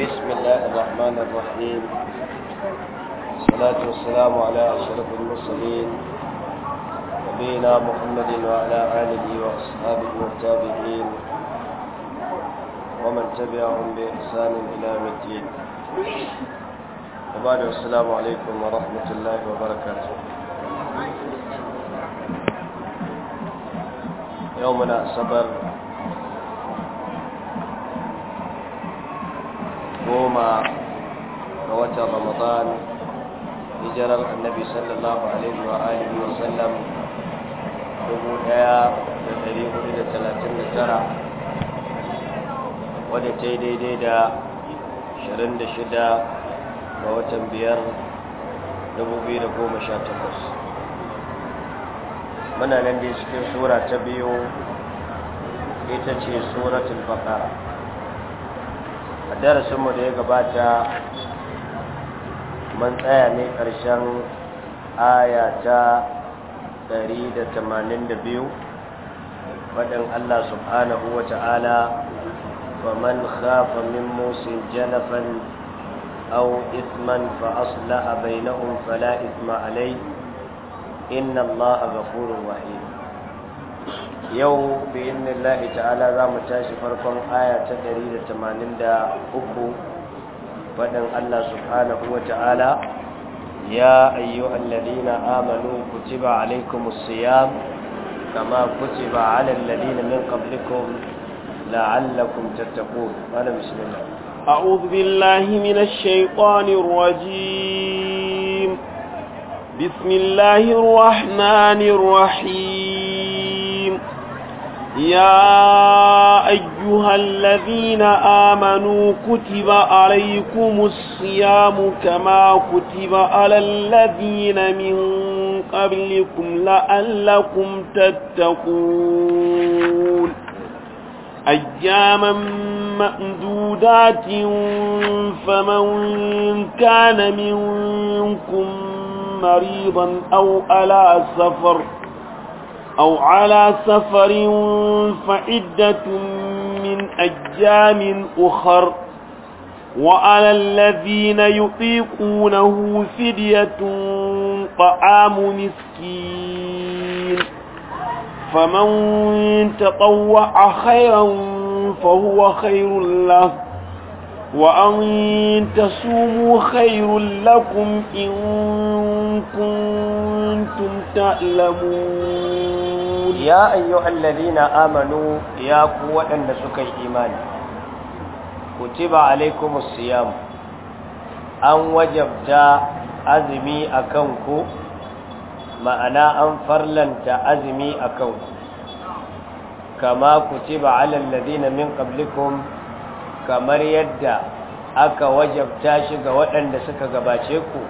بسم الله الرحمن الرحيم والصلاة والسلام على أشرف المرسلين نبينا محمد وعلى آله وأصحابه والتابعين ومن تبعهم بإحسان إلى يوم الدين وبعد السلام عليكم ورحمة الله وبركاته يومنا صبر goma ga watan ramadan hijirar annabi sallallahu alaihi wa alihi wa sallam dubu daya da dari hudu da talatin da tara wadda ta yi daidai da ashirin da shida ga watan biyar dubu biyu da goma sha takwas muna nan dai cikin sura ta biyu ita ce suratul baqara a darasinmu da ya gabata man tsaya ne ƙarshen aya ta 182 waɗin Allah subhanahu wa ta'ala faman khafa min musin janafan أو إثما فأصلح بينهم فلا إثم عليه إن الله غفور yau bi innillahi ta'ala za mu tashi farkon aya ta 183 faɗin Allah subhanahu wa ta'ala ya ayyuhal ladina amanu kutiba alaykumus siyam kama kutiba alal ladina min qablikum la'allakum tattaqun wala bismillah a'udhu billahi minash shaitanir rajim bismillahir rahmanir rahim يا أيها الذين آمنوا كتب عليكم الصيام كما كتب على الذين من قبلكم لعلكم تتقون أياما مأدودات فمن كان منكم مريضا أو على سفر ۖ أو على سفر فعدة من أجام أخر وعلى الذين يطيقونه فدية طعام مسكين فمن تطوع خيرا فهو خير له وأن تصوموا خير لكم إن كنتم تعلمون ya ayyuhal ladina amanu ya ku waɗanda suka yi imani kutiba alaikumus siyam an wajabta azumi akan ku ma'ana an farlanta azumi akan ku kama kutiba alal ladina min kamar yadda aka wajabta shi ga waɗanda suka gabace ku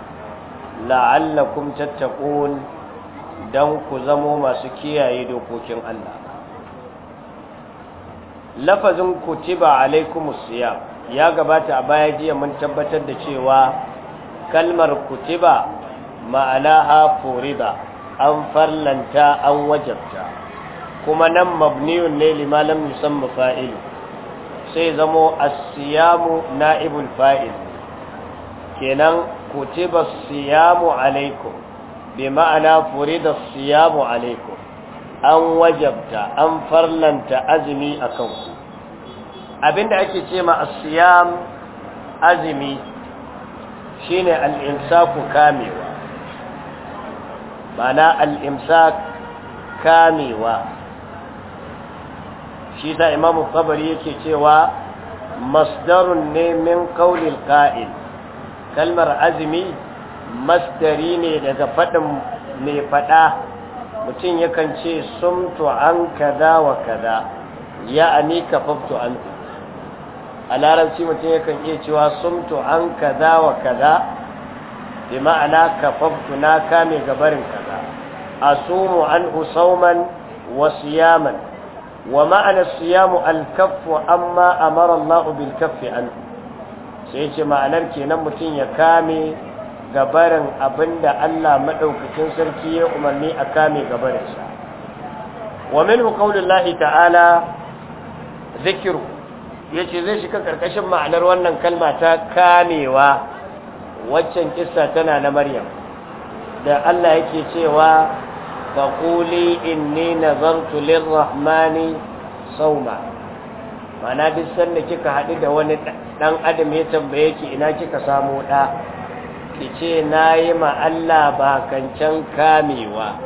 la'allakum tattaqun don ku zamo masu kiyaye dokokin Allah lafazin kutiba alaikumus siya ya gabata a baya jiya mun tabbatar da cewa kalmar kutiba ma'anaha furida an farlanta an wajabta kuma nan mabniyun ne limalam yusamma fa'ilu sai zamo asiyamu siyamu na'ibul fa'il kenan kutiba siyamu alaikum bi ma'ana furida siyamu alaikum an wajabta an farlanta azumi a kanku abinda ake ce ma asiyam azumi shine al-imsaku kamewa mana al-imsak kamewa shi da imamu kabari yake cewa masdarun ne min qaulil qa'il kalmar azumi masdari ne daga faɗin mai faɗa mutum yakan ce sumtu an kaza wa kaza ya ani kafaftu an a larabci mutum yakan iya cewa sumtu an kaza wa kaza bi ma'ana kafaftu na kame gabarin kaza a asumu an usauman wa siyaman wa ma'ana siyamu alkaffu amma amara Allah bil kaffi an sai ce ma'anar kenan mutum ya kame Gabarin abinda Allah maɗaukacin sarki ya umarni a kame gabarin sa wa minhu qaulullahi ta'ala zikru yace zai shiga karkashin ma'anar wannan kalma ta kamewa waccan kissa tana na Maryam da Allah yake cewa faquli inni nazartu lirrahmani sawma mana duk sanda kika haɗu da wani ɗan adam ya tambaye ki ina kika samu ɗa ce na yi Allah ba kancan kamewa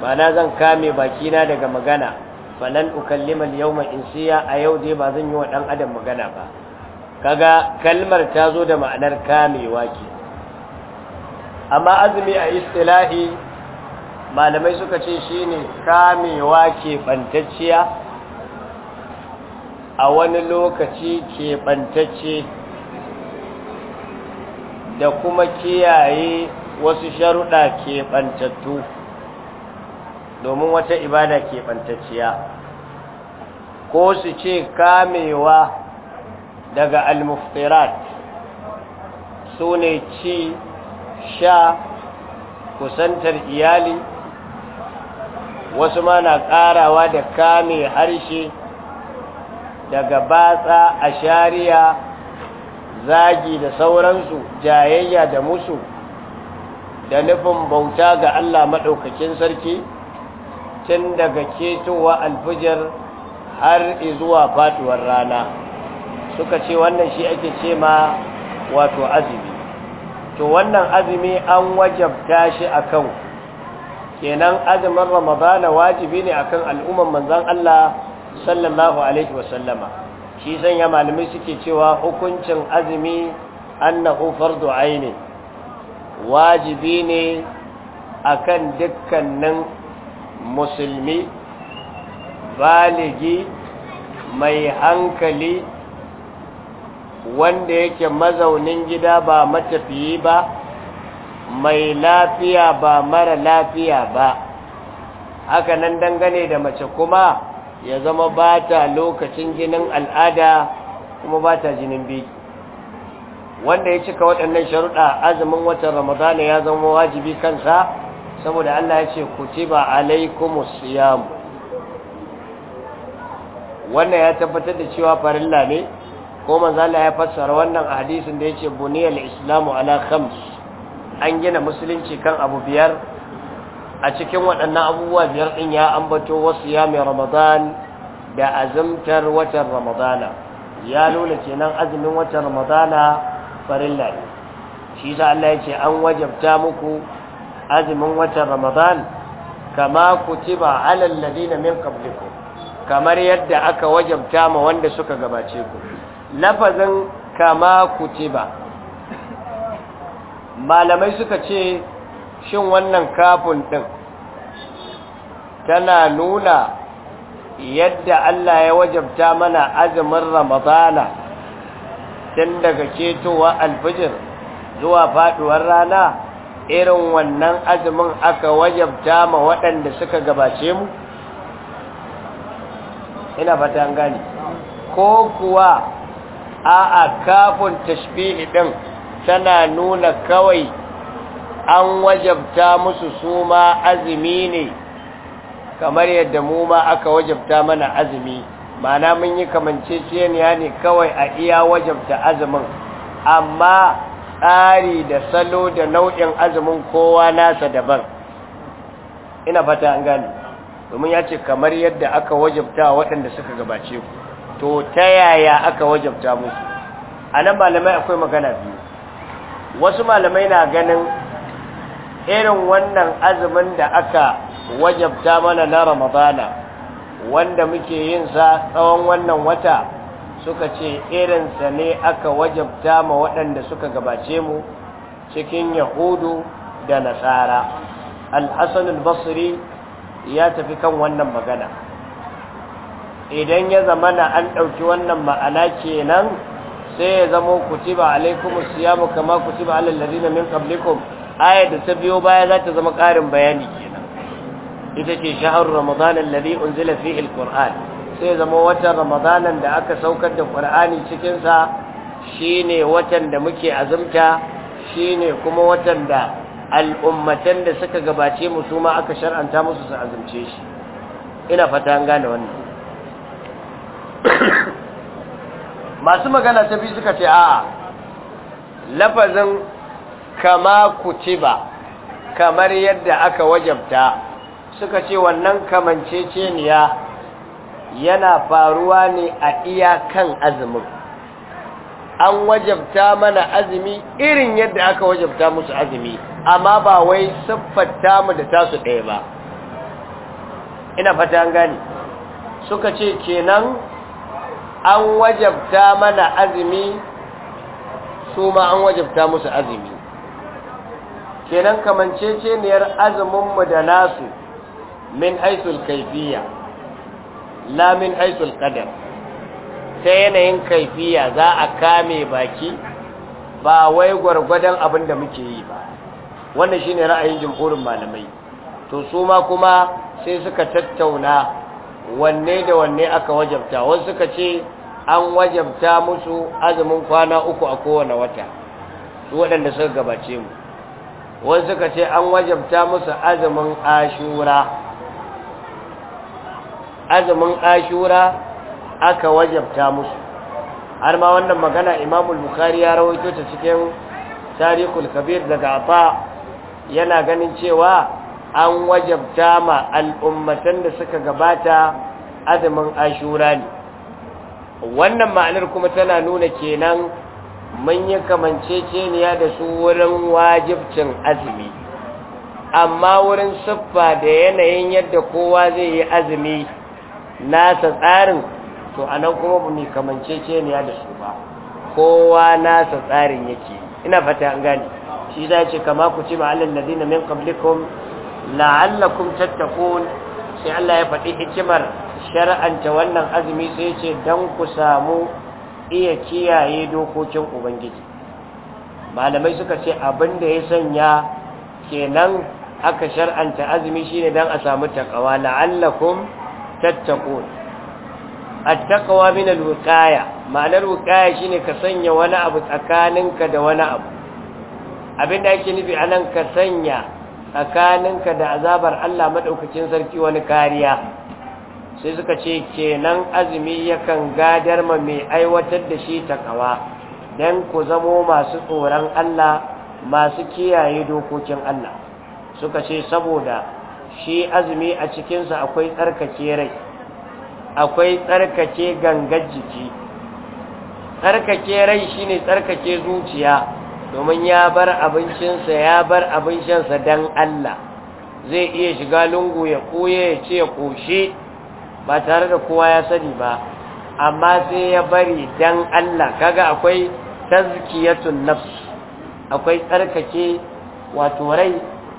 ba na zan kame bakina daga magana falan ukallima yawma insiya a yau dai ba zan yi wa dan adam magana ba kaga kalmar ta zo da ma'anar kamewa ke amma azumi a istilahi malamai suka ce shine kamewa ke bantacciya a wani lokaci ke bantacce da kuma kiyaye wasu sharuɗa keɓantattu domin wata ibada keɓantacciya ko su ce kamewa daga almufirat su ne ci sha kusantar iyali wasu ma na ƙarawa da kame harshe daga batsa a shari'a zagi da sauransu jayayya da musu da nufin bauta ga Allah maɗaukakin sarki tun daga ketowa alfijar har zuwa faduwar rana suka ce wannan shi ake ce ma wato azumi to wannan azumi an wajabta shi a kan? kenan azumin ramadana wajibi ne akan al'umman manzan Allah sallallahu alaihi wasallama shi sanya malamai suke cewa hukuncin azumi annahu fardu aini wajibi ne akan dukkanin musulmi baligi mai hankali wanda yake mazaunin gida ba matafiyi ba mai lafiya ba mara lafiya ba haka nan dangane da mace kuma ya zama ba ta lokacin jinin al'ada kuma ba ta jinin biyu wanda ya cika waɗannan sharuɗa azumin watan ramadana ya zama wajibi kansa saboda Allah ya ce ku kutiba alaikumus siyam wannan ya tabbatar da cewa farilla ne ko Manzala ya fassara wannan a hadisin da ya ce buniyar islamu ala khams an gina musulunci kan abu biyar a cikin waɗannan abubuwa biyar ɗin ya ambato wasu ya mai ramadan da azumtar watan ramadana ya nuna kenan azumin watan ramadana farilla ne shi sa Allah ya ce an wajabta muku azumin watan ramadan kama da alal ladina min qablikum kamar yadda aka wajabta ma wanda suka gabace ku lafazin kama kutiba malamai suka ce shin wannan kafin ɗin tana nuna yadda Allah ya wajabta mana azumin ramadana tun daga ketowa alfijir zuwa faduwar rana irin wannan azumin aka wajabta ma waɗanda suka gabace mu ina fata gani ko kuwa a'a kafin tashbihi ɗin tana nuna kawai an wajabta musu su ma azumi ne kamar yadda mu ma aka wajabta mana azumi mana mun yi kamanceceniya ne kawai a iya wajabta azumin amma tsari da salo da nau'in azumin kowa nasa daban ina fata an gani domin ya ce kamar yadda aka wajabta waɗanda suka gabace ku to ta yaya aka wajabta musu a nan malamai akwai magana biyu wasu malamai na ganin irin wannan azumin da aka wajabta mana na ramadana wanda muke yin sa tsawon wannan wata suka ce irinsa ne aka wajabta ma waɗanda suka gabace mu cikin yahudu da nasara al-hassan al-basri ya tafi kan wannan magana idan ya zamana an ɗauki wannan ma'ana kenan sai ya zamo kutiba alaikum siyamu kama kutiba alal ladina min qablikum ayat da ta biyo baya zata zama karin bayani kenan ita ce shahr ramadan alladhi unzila fihi alquran sai ya zamo watan ramadanan da aka saukar da qur'ani cikin sa shine watan da muke azumta shine kuma watan da al'ummatan da suka gabace mu su ma aka shar'anta musu su azumce shi ina fata an gane wannan masu magana ta biyu suka ce a'a lafazin kama kutiba kamar yadda aka wajabta suka ce wannan kamanceceniya yana faruwa ne a iyakan azumin an wajabta mana azumi irin yadda aka wajabta musu azumi amma ba wai siffata mu da tasu ɗaya ba ina fata gani suka ce kenan an wajabta mana azumi su ma an wajabta musu azumi kenan kamanceceniyar mu da nasu min haisul kaifiya la min haisul qadar ta yanayin kaifiya za a kame baki ba wai gwargwadon abin da muke yi ba wannan shine ra'ayin jumhurin malamai to su ma kuma sai suka tattauna wanne da wanne aka wajabta wasu suka ce an wajabta musu azumin kwana uku a kowane wata su waɗanda suka gabace mu wasu suka ce an wajabta musu azumin ashura azumin ashura aka wajabta musu har ma wannan magana imamul bukhari ya rawaito ta cikin tarikul kabir daga afa yana ganin cewa an wajabta ma al'ummatan da suka gabata azumin ashura ne wannan ma'anar kuma tana nuna kenan mun yi kamanceceniya da su wurin wajibcin azumi amma wurin siffa da yanayin yadda kowa zai yi azumi nasa tsarin to a nan kuma mai kamanceceniya da su ba kowa nasa tsarin yake ina fata an shi za ce kama ku ce ma'alin ladina min qablikum la'allakum tattaqun sai Allah ya faɗi hikimar shar'anta wannan azumi sai ce dan ku samu iya kiyaye dokokin ubangiji malamai suka ce abinda ya sanya kenan aka shar'anta azumi shine dan a samu taqwa la'allakum tattaqun at-taqwa min al-wiqaya ma'anar wiqaya shine ka sanya wani abu tsakaninka da wani abu abinda yake nufi anan ka sanya tsakaninka da azabar Allah maɗaukacin sarki wani kariya sai suka ce kenan azumi yakan gadar ma mai aiwatar da shi ta takawa don ku zamo masu tsoron Allah masu kiyaye dokokin Allah suka ce saboda shi azumi a cikinsa akwai tsarkake rai akwai tsarkake gangar jiki tsarkake rai shine tsarkake zuciya domin ya bar abincinsa ya bar abincinsa don Allah zai iya shiga lungu ya koye ya ce ya koshe ba tare da kowa ya sani ba amma sai ya bari don Allah kaga akwai tazkiyatun nafs akwai tsarkake wato rai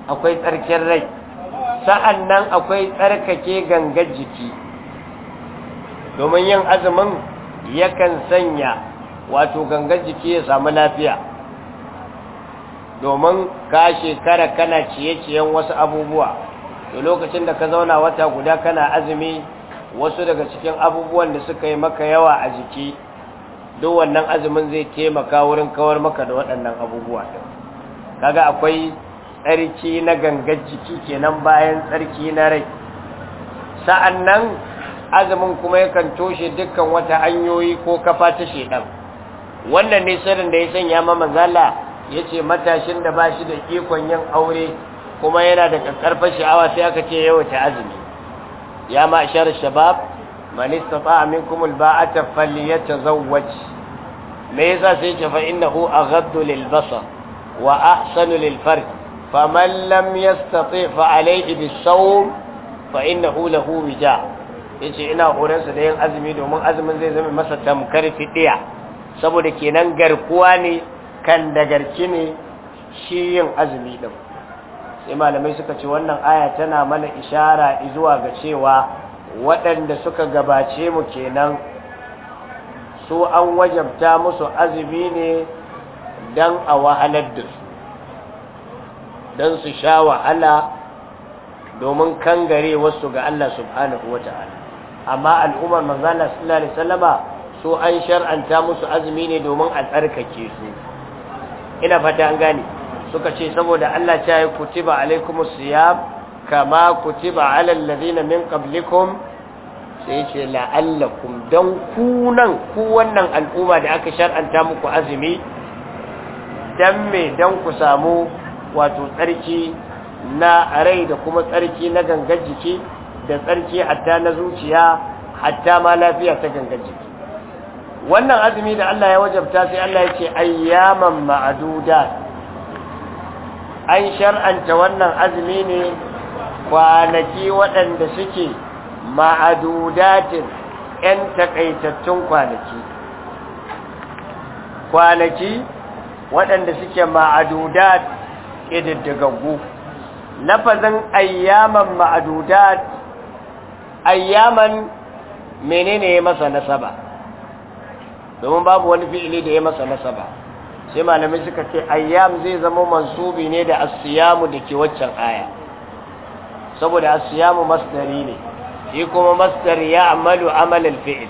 akwai tsarkin rai sa'an nan akwai tsarkake gangar jiki domin yin azumin yakan sanya wato gangar jiki ya samu lafiya domin ka shekara kana ciye-ciyen wasu abubuwa to lokacin da ka zauna wata guda kana azumi wasu daga cikin abubuwan da suka yi maka yawa a jiki duk wannan azumin zai taimaka wurin kawar maka da waɗannan abubuwa ɗin kaga akwai tsarki na gangar jiki kenan bayan tsarki na rai Sa'annan azumin kuma yakan toshe dukkan wata hanyoyi ko kafa ta shedan wannan ne sirrin da ya sanya ma manzala yace matashin da ba shi da ikon yin aure kuma yana da karfar sha'awa sai aka ce yau ta azumi ya ma shar shabab a istata'a minkum ta falyatazawwaj me yasa sai ce fa hu a lil lilbasa wa sanu lilfar fa mallam ya yastati' fa alayhi bis sawm fa innahu lahu wija yace ina horon da yin azumi domin azumin zai zama masa tamkar fidiya saboda kenan garkuwa ne kan dagarki ne shi yin azumi ɗin. sai malamai suka ce wannan aya tana mana ishara zuwa ga cewa waɗanda suka gabace mu kenan su an wajabta musu azumi ne don a wahalar da su don su sha wahala domin kangare wasu ga Allah subhanahu wa ta'ala amma al'ummar manzana sallallahu alaihi wasallama su an shar'anta musu azumi ne domin a tsarkake su ina fata an gane suka ce saboda Allah ta yi kutiba alaikumus siyam kama kutiba alal ladina min qablikum sai ce la'allakum dan ku nan ku wannan al'umma da aka shar'anta muku azumi dan me dan ku samu wato tsarki na rai da kuma tsarki na gangar jiki da tsarki hatta na zuciya hatta ma lafiya ta gangar jiki wannan azumi da Allah ya wajabta sai Allah ya ce ayyaman ma'adudat an shar'anta wannan azumi ne kwanaki waɗanda suke ma'adudatin 'yan takaitattun kwanaki kwanaki waɗanda suke ma'adudat ƙididdigaggu lafazin ayyaman ma'adudat ayyaman menene masa nasaba domin babu wani fi'ili da ya masa nasaba sai malamai suka ce ayyam zai zama mansubi ne da asiyamu da ke waccan aya saboda asiyamu masdari ne shi kuma masdar ya amalu amalal fi'il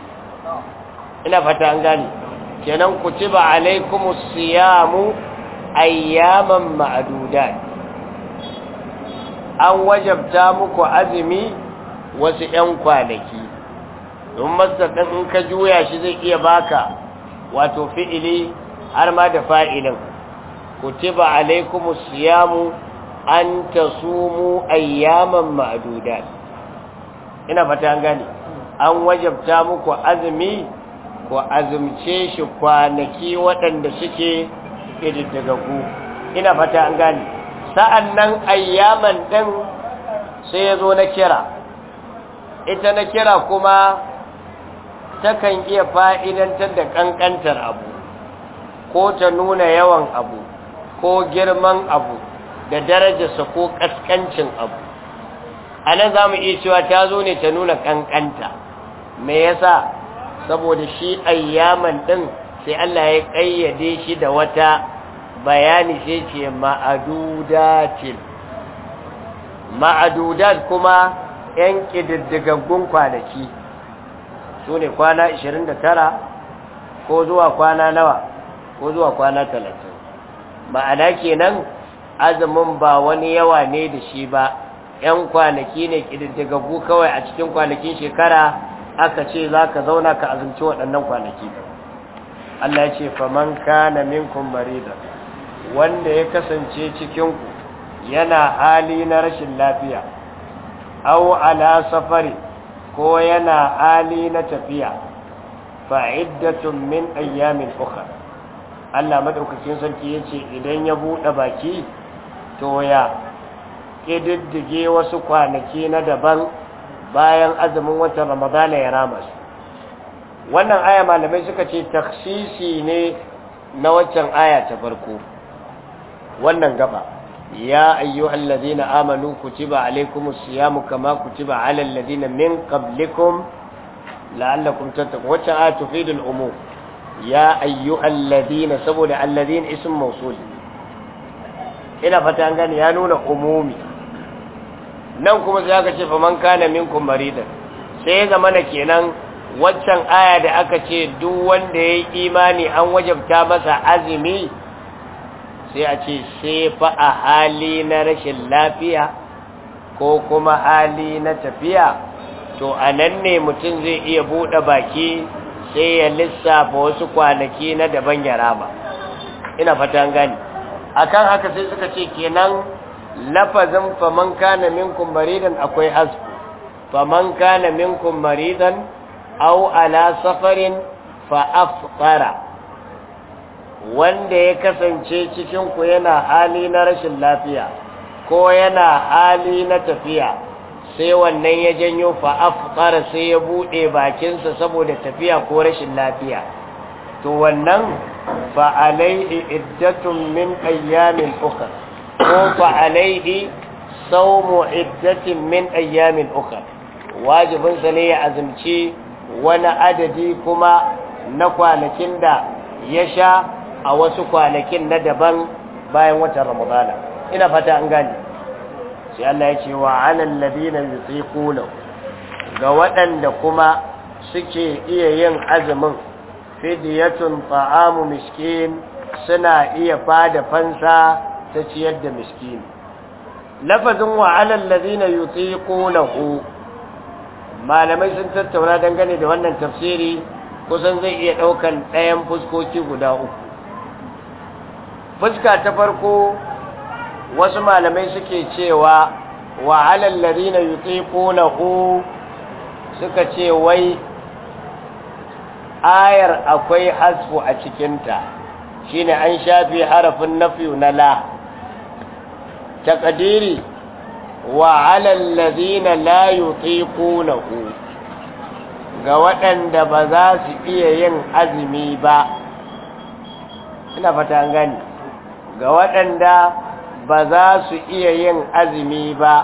ina fata an gani kenan ku ci ba alaikum siyamu ayyaman ma'adudan. an wajabta muku azumi wasu 'yan kwanaki don masdar in ka juya shi zai iya baka wato fi'ili har ma da fa'ilin kutiba siya siyamu an sumu ayyaman ma'dudat ina fata an gane an wajabta muku azumi ku azumce shi kwanaki waɗanda suke ƙididdigaggu ina fata an gane sa'an nan ayyaman ɗin sai ya zo na kira ita na kira kuma takan iya fa'idantar da ƙanƙantar abu ko ta nuna yawan abu ko girman abu da darajarsa ko ƙasƙancin abu a nan za mu iya cewa ta zo ne ta nuna ƙanƙanta mai yasa saboda shi ayyaman ɗin sai Allah ya ƙayyade shi da wata bayani sai ce ma'adudatin ma'adudat kuma 'yan ƙididdigaggun kwanaki su ne kwana 29 ko zuwa kwana nawa ko zuwa kwana 30 ma'ana kenan azumin ba wani yawa ne da shi ba yan kwanaki ne gu kawai a cikin kwanakin shekara aka ce za ka zauna ka azumci waɗannan kwanaki Allah ya ce faman kana minkun marida wanda ya kasance cikinku yana hali na rashin lafiya au ala safari ko yana ali na tafiya fa'iddatun min ayyamin ukhra Allah madaukakin sarki yace idan ya buɗe baki to ya kididdige wasu kwanaki na daban bayan azumin watan ramadana ya rama su wannan aya malamai suka ce taksisi ne na waccan aya ta farko wannan gaba يا أيها الذين آمنوا كتب عليكم الصيام كما كتب على الذين من قبلكم لعلكم تتقوا وتعا تفيد العموم يا أيها الذين سبب الذين اسم موصول إلى فتان كان يانون عمومي nan kuma sai aka ce faman kana minkum maridan sai ya zamana kenan waccan aya da aka ce duk wanda yayi imani an wajabta masa azumi sai a ce fa a hali na rashin lafiya ko kuma hali na tafiya to a nan ne mutum zai iya buɗe baki sai ya lissafa wasu kwanaki na daban ya raba ina fatan gani A kan haka sai suka ce kenan lafazin faman kana minkum maridan akwai hasku faman kana minkum maridan au ala safarin fa wanda ya kasance cikin ku yana hali na rashin lafiya ko yana hali na tafiya sai wannan ya janyo fa afqara sai ya bude bakinsa saboda tafiya ko rashin lafiya to wannan fa alaihi iddatun min ayyamin ukhra ko fa alaihi iddatin min ayyamin ukhra wajibin ne ya azumci wani adadi kuma na kwanakin da ya sha a wasu kwanakin na daban bayan watan ramadana ina fata an gane sai Allah ya ce wa alal ladina yutiquna ga waɗanda kuma suke iya yin azumin fidiyatun ta'amu miskin suna iya fada fansa ta ciyar da miskin lafazin wa alal ladina yutiqunahu malamai sun tattauna dangane da wannan tafsiri kusan zai iya ɗaukan ɗayan fuskoki guda uku fuska ta farko wasu malamai suke cewa wa alal ladina hu suka ce wai ayar akwai hasfu a cikinta shine an shafi harafin nafi na la taqdiri wa alal ladina la hu ga waɗanda ba za su iya yin azumi ba ina fata gani ga waɗanda ba za su iya yin azumi ba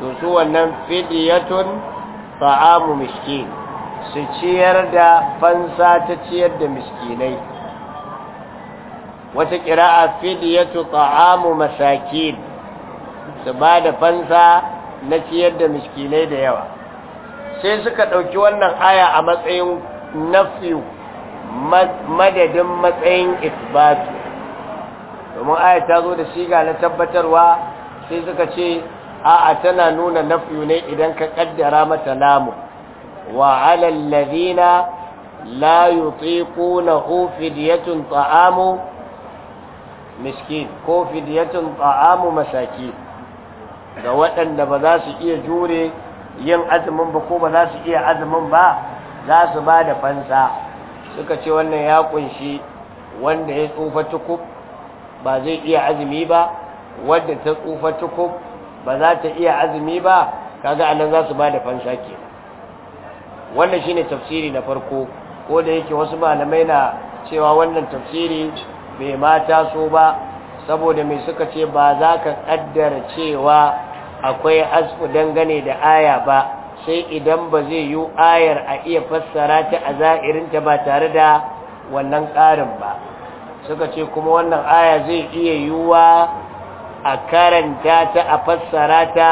to su wannan fidiyatun fa'amu miskin su ciyar da fansa ta ciyar da miskinai wata ƙira'a fidiyatu fa'amu masakin su ba da fansa na ciyar da miskinai da yawa sai suka ɗauki wannan aya a matsayin nafi madadin matsayin isbatu domin aya ta zo da siga na tabbatarwa sai suka ce a'a tana nuna nafiyu ne idan ka kaddara mata namu wa alal ladina la yutiqunahu fidyatun ta'amu miskin ko fidyatun ta'amu masaki ga waɗanda ba za su iya jure yin azumin ba ko ba za su iya azumin ba za su ba da fansa suka ce wannan ya kunshi wanda ya tsufa tukub ba zai iya azumi ba wadda ta tsufa tukub ba za ta iya azumi ba kaga anan za su ba da fansa ke wannan shine tafsiri na farko ko da yake wasu malamai na cewa wannan tafsiri bai ma so ba saboda mai suka ce ba za ka kaddara cewa akwai asku dangane da aya ba sai idan ba zai yi ayar a iya fassara ta a za'irinta ba tare da wannan ƙarin ba suka ce kuma wannan aya zai iya yiwuwa a karanta ta a fassara ta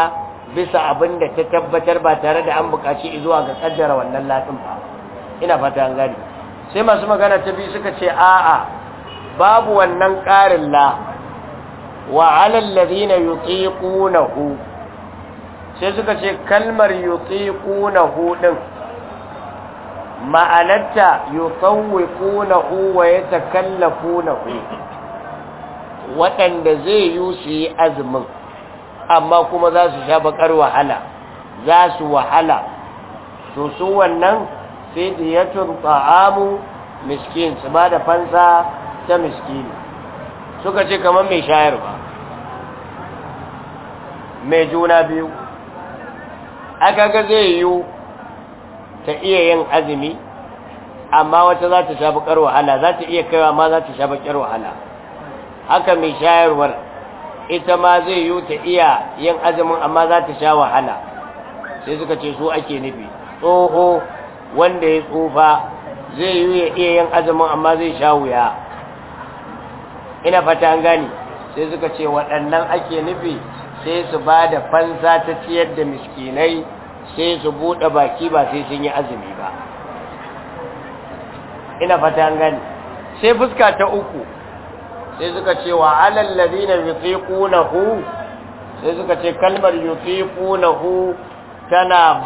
bisa abin da ta tabbatar ba tare da an buƙaci zuwa ga kaddara wannan latin ba ina fata an gani sai masu magana ta biyu suka ce a'a babu wannan ƙarin la wa alal ladina yutiqunahu sai suka ce kalmar yutiqunahu din ma'anarta hu wa hu waɗanda zai yi su yi azumin amma kuma za su sha bakar wahala za su wahala to su wannan sai turba ta'amu miskin su ba da fansa ta miskini suka ce kamar mai shayarwa mai juna biyu aka ga zai yiwu ta iya yin azumi amma wata za ta sha bakar wahala za ta iya kaiwa ma za ta sha bakar wahala haka mai shayarwar ita ma zai yi ta iya yin azumin amma za ta sha wahala sai suka ce su ake nufi tsoho wanda ya tsufa zai yi ya iya yin azumin amma zai sha wuya ina fata an gani sai suka ce waɗannan ake nufi sai su ba da fansa ta ciyar da miskinai sai su buɗe baki ba sai sun yi azumi ba ina fata gani sai fuska ta uku sai suka ce wa alal ladina yutiqunahu sai suka ce kalmar yutiqunahu tana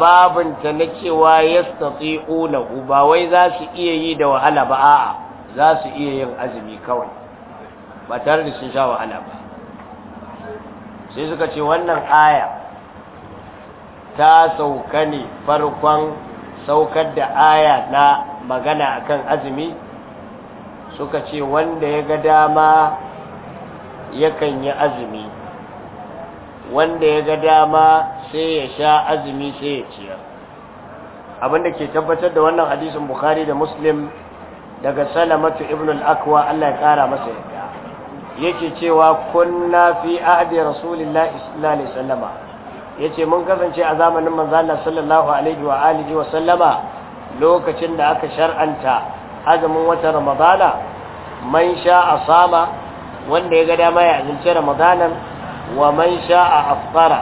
ta na cewa yastati'unahu ba wai za su iya yi da wahala ba a'a za su iya yin azumi kawai ba tare da sun sha wahala ba sai suka ce wannan aya ta sauka ne farkon saukar da aya na magana akan azumi suka ce wanda ya ga dama yakan yi azumi wanda ya ga dama sai ya sha azumi sai ya ciyar abinda ke tabbatar da wannan hadisin bukhari da muslim daga salamatu ibn al’akwa Allah ya kara masa yadda yake cewa kunna fi ahdi rasulullah sallallahu yace mun kasance a zamanin manzana sallallahu alaihi wa alihi wa sallama lokacin da aka shar'anta azumin watan ramadana man sha a sama wanda ya ga dama ya azumci ramadanan wa man sha a afṭara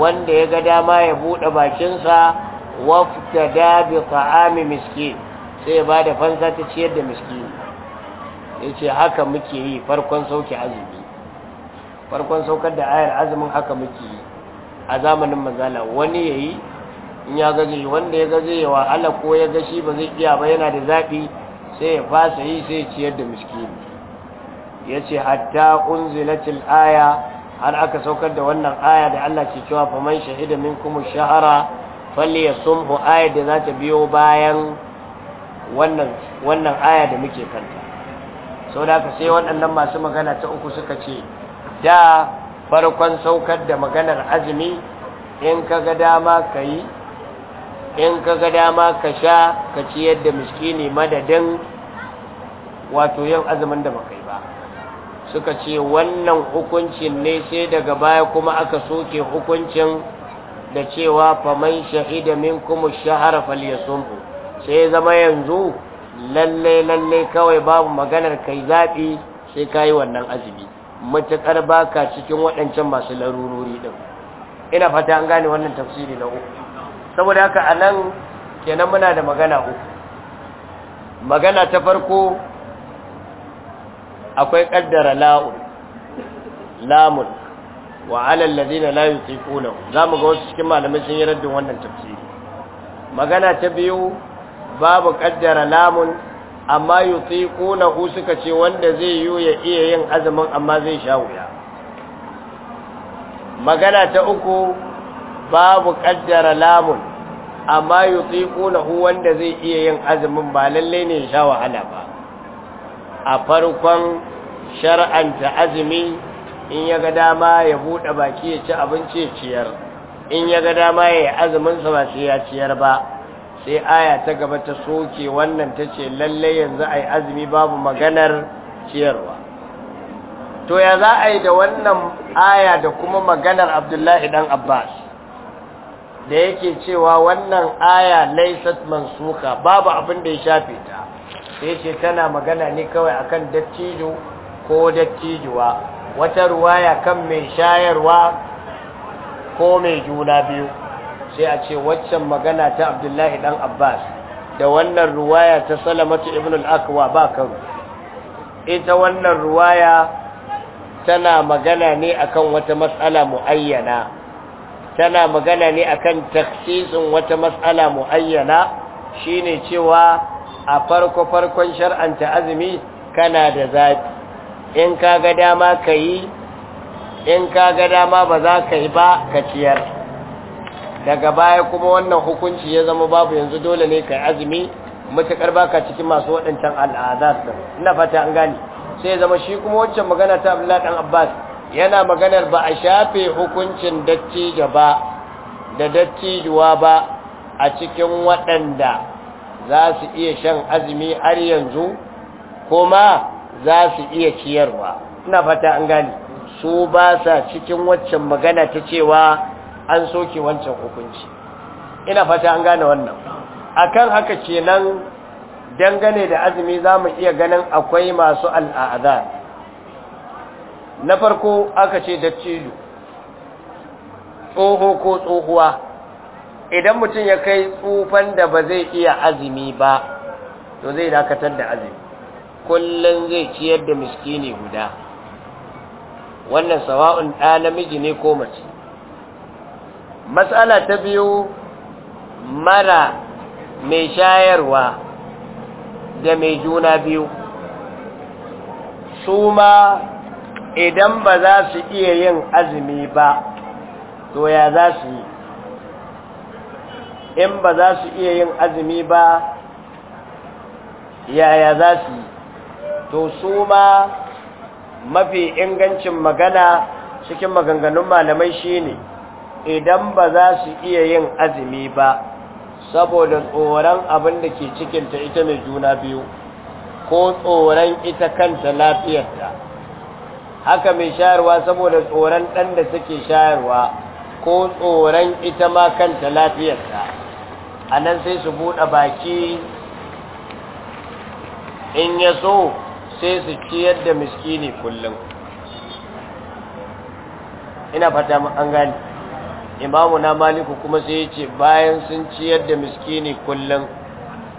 wanda ya ga dama ya buɗe bakin sa waftada bi ta'ami miskin sai ya bada fansa ta ciyar da miskini yace haka muke yi farkon sauke azumi farkon saukar da ayar azumin haka muke yi a zamanin manzala wani yayi in ya gaji wanda ya gaje wa Allah ko ya gashi ba zai iya ba yana da zaɓi, sai ya fasa yi sai ya ciyar da miskini ce, hatta unzilatil aya har aka saukar da wannan aya da Allah ke cewa man shahida minkum shahara falyasumhu aya da za ta biyo bayan wannan wannan aya da muke kanta sau da sai waɗannan masu magana ta uku suka ce da farkon saukar da maganar azumi in ka ga dama ka yi in ka ga dama ka sha ka ci yadda miskini madadin wato yin azumin da baka yi ba suka ce wannan hukuncin ne sai daga baya kuma aka soke hukuncin da cewa faman shahida minkum shahara falyasumhu sai zama yanzu lallai-lallai kawai babu maganar kai zaɓi sai kai wannan azumi matuƙar baka cikin waɗancan masu larurori ɗin ina fata an gane wannan tafsiri na uku saboda haka a nan kenan muna da magana uku magana ta farko akwai ƙaddara la'ul lamun wa alal ladina la yutiquna mu ga wasu cikin malamai sun yi raddin wannan tafsiri magana ta biyu babu ƙaddara lamun amma yutiqunahu suka ce wanda zai yi ya iya yin azumin amma zai sha wuya magana ta uku babu kaddara lamun amma yutiqunahu wanda zai iya yin azumin ba lalle ne ya sha wahala ba a farkon shar'anta azumi in ya ga dama ya bude baki ya ci abinci ya ciyar in ya ga dama ya yi azumin sa ba ya ciyar ba sai aya ta gaba ta soke wannan ta ce lalle yanzu a azumi babu maganar ciyarwa to ya za a yi da wannan aya da kuma maganar abdullahi dan abbas da yake cewa wannan aya laisat mansuka babu abin da ya shafe ta sai ce tana magana ne kawai akan dattijo ko dattijuwa wata ruwaya kan mai shayarwa ko mai juna biyu sai a ce waccan magana ta abdullahi dan abbas da wannan ruwaya ta salamatu ibn al-akwa ba karu ita wannan ruwaya tana magana ne akan wata mas'ala muayyana tana magana ne akan taksisin wata mas'ala muayyana shine cewa a farko farkon shar'anta azumi kana da zafi in kaga dama kai in kaga dama ba za ka yi ba ka ciyar daga baya kuma wannan hukunci ya zama babu yanzu dole ne kai azumi mutakar baka cikin masu waɗancan al'ada ina fata an gane sai zama shi kuma waccan magana ta Abdullahi dan Abbas yana maganar ba a shafe hukuncin dattija ba da dattijuwa ba a cikin waɗanda za su iya shan azumi har yanzu kuma za su iya ciyarwa ina fata an gane su ba sa cikin waccan magana ta cewa an soke wancan hukunci ina fata an gane wannan akan haka kenan dangane da azumi za mu iya ganin akwai masu al'ada na farko aka ce dattijo tsoho ko tsohuwa idan mutum ya kai tsufan da ba zai iya azumi ba to zai dakatar da azumi kullum zai ciyar da miskini guda wannan sawa'un ɗa namiji ne ko mace matsala ta biyu mara mai shayarwa da mai juna biyu su ma idan ba za su iya yin azumi ba to ya za su yi in ba za su iya yin azumi ba yaya za su yi to su ma mafi ingancin magana cikin maganganun malamai shine idan ba za su iya yin azumi ba saboda tsoron abin da ke cikinta ita mai juna biyu ko tsoron ita kanta lafiyarta haka mai shayarwa saboda tsoron ɗan da suke shayarwa ko tsoron ita ma kanta lafiyarta a nan sai su buɗe baki in ya so sai su ciyar da miskini kullum ina fata an gani imamu na maliku kuma sai ya ce bayan sun ciyar da miskini kullum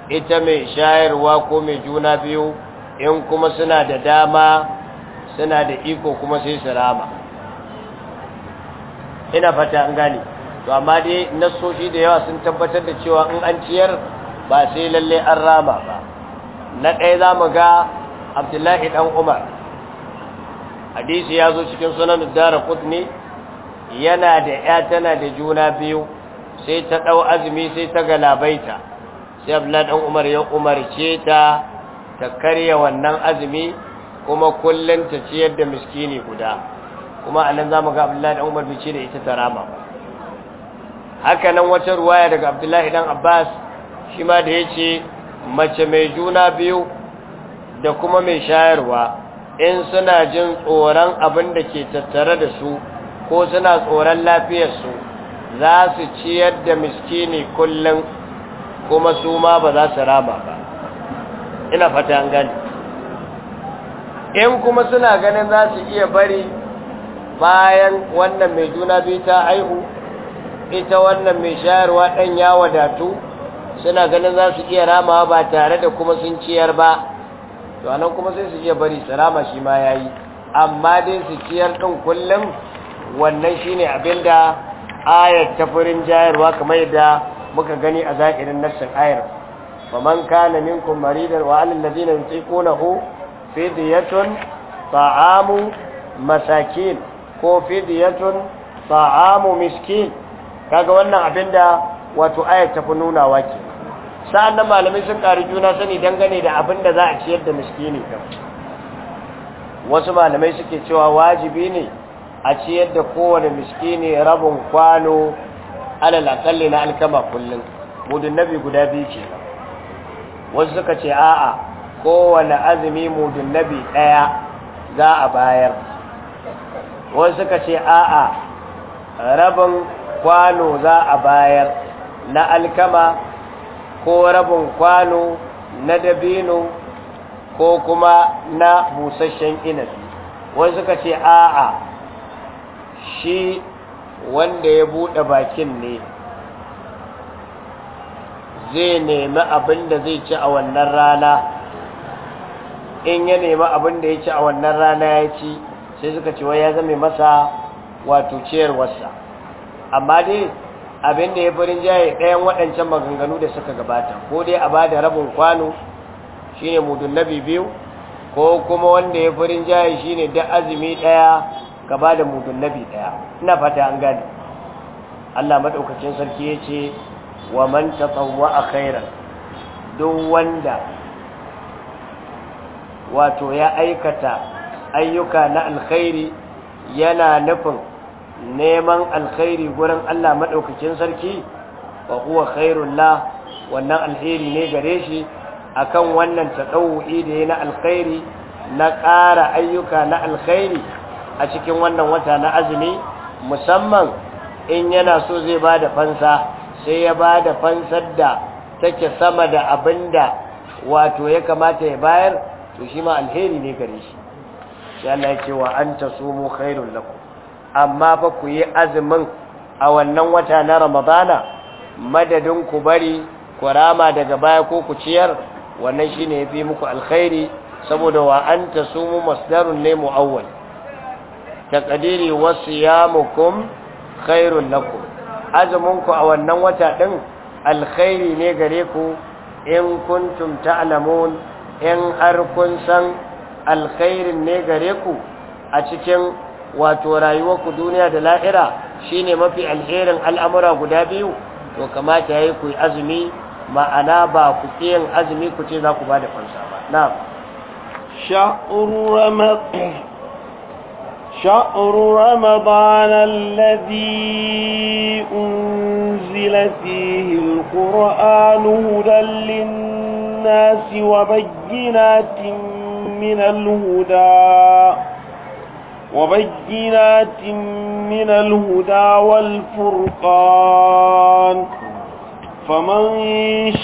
ita mai shayarwa ko mai juna biyu in kuma suna da dama suna da iko kuma sai su rama ina fata an gani to amma dai nasoshi da yawa sun tabbatar da cewa in an ciyar ba sai lalle an rama ba na ɗaya za mu ga abdullahi ɗan umar hadisi ya zo cikin sunan dara ne? yana da ya tana da juna biyu sai ta ɗau azumi sai ta galabaita sai abdullahi ɗan umar ya umarce ta ta karya wannan azumi kuma kullum ta ciyar da miskini guda kuma a za mu ga abdullahi ɗan umar ci da ita ta rama haka nan wata ruwaya daga abdullahi ɗan abbas shi ma da ya ce mace mai juna biyu da kuma mai shayarwa in suna jin tsoron abin da ke tattare da su ko suna tsoron lafiyarsu za su ciyar da miskini kullum kuma su ma ba za su rama ba ina fata an gani in kuma suna ganin za su iya bari bayan wannan mai juna biyu ta haihu ita wannan mai shayarwa ɗan ya wadatu suna ganin za su iya ramawa ba tare da kuma sun ciyar ba to anan kuma sai su iya bari su rama shi ma yayi amma dai su ciyar ɗin kullum wannan shine abinda ayar ta furin jayarwa kamar yadda muka gani a zahirin nassin ayar man kana minkum maridan wa alal ladina yutiqunahu fidyatun ta'amu masakin ko fidyatun ta'amu miskin kaga wannan abinda wato ayar ta fi nuna wake sa'an nan malamai sun ƙari juna sani dangane da abinda za a ciyar da miskini kan wasu malamai suke cewa wajibi ne a ciyar da kowane ne rabin kwano alal akalli na alkama kullum mudun nabi guda biyu ce wasu suka ce a'a kowane azumi mudun nabi ɗaya za a bayar wasu suka ce a'a rabin kwano za a bayar na alkama ko rabin kwano na dabino ko kuma na busasshen inabi wasu suka ce a'a shi wanda ya buɗe bakin ne zai nemi abin da zai ci a wannan rana in ya nemi abin da ya ci a wannan rana ya ci sai suka ce wai ya zame masa wato ciyarwarsa amma dai abin da ya farin jaye ɗayan waɗancan maganganu da suka gabata ko dai a ba da rabin kwano shine nabi biyu ko kuma wanda ya farin jaye shine da azumi ɗaya ka ba da mudun nabi daya ina fata an gane Allah madaukakin sarki ya ce wa man tatawwa khairan don wanda wato ya aikata ayyuka na alkhairi yana nufin neman alkhairi gurin Allah madaukakin sarki wa huwa khairul la wannan alheri ne gare shi akan wannan tadawu'i da yana alkhairi na ƙara ayyuka na alkhairi a cikin wannan wata na azumi musamman in yana so zai ba da fansa sai ya ba da fansar da take sama da abin da wato ya kamata ya bayar to shi ma alheri ne gare shi shi Allah ya ce wa an ta sumu khairun lakum amma fa ku yi azumin a wannan wata na ramadana madadin ku bari ku rama daga baya ko ku ciyar wannan shine yafi muku alkhairi saboda wa an ta sumu masdarun ne muawwal taqdiri wa siyamukum khairul lakum azumunku a wannan wata din alkhairi ne gare ku in kuntum ta'lamun in har kun san alkhairin ne gare ku a cikin wato rayuwarku duniya da lahira shine mafi alherin al'amura guda biyu to kamata yayi ku azumi ma'ana ba ku yin azumi ku ce za ku ba da fansa ba na sha'ur شهر رمضان الذي أنزل فيه القرآن هدى للناس وبينات من الهدى وبينات من الهدى والفرقان فمن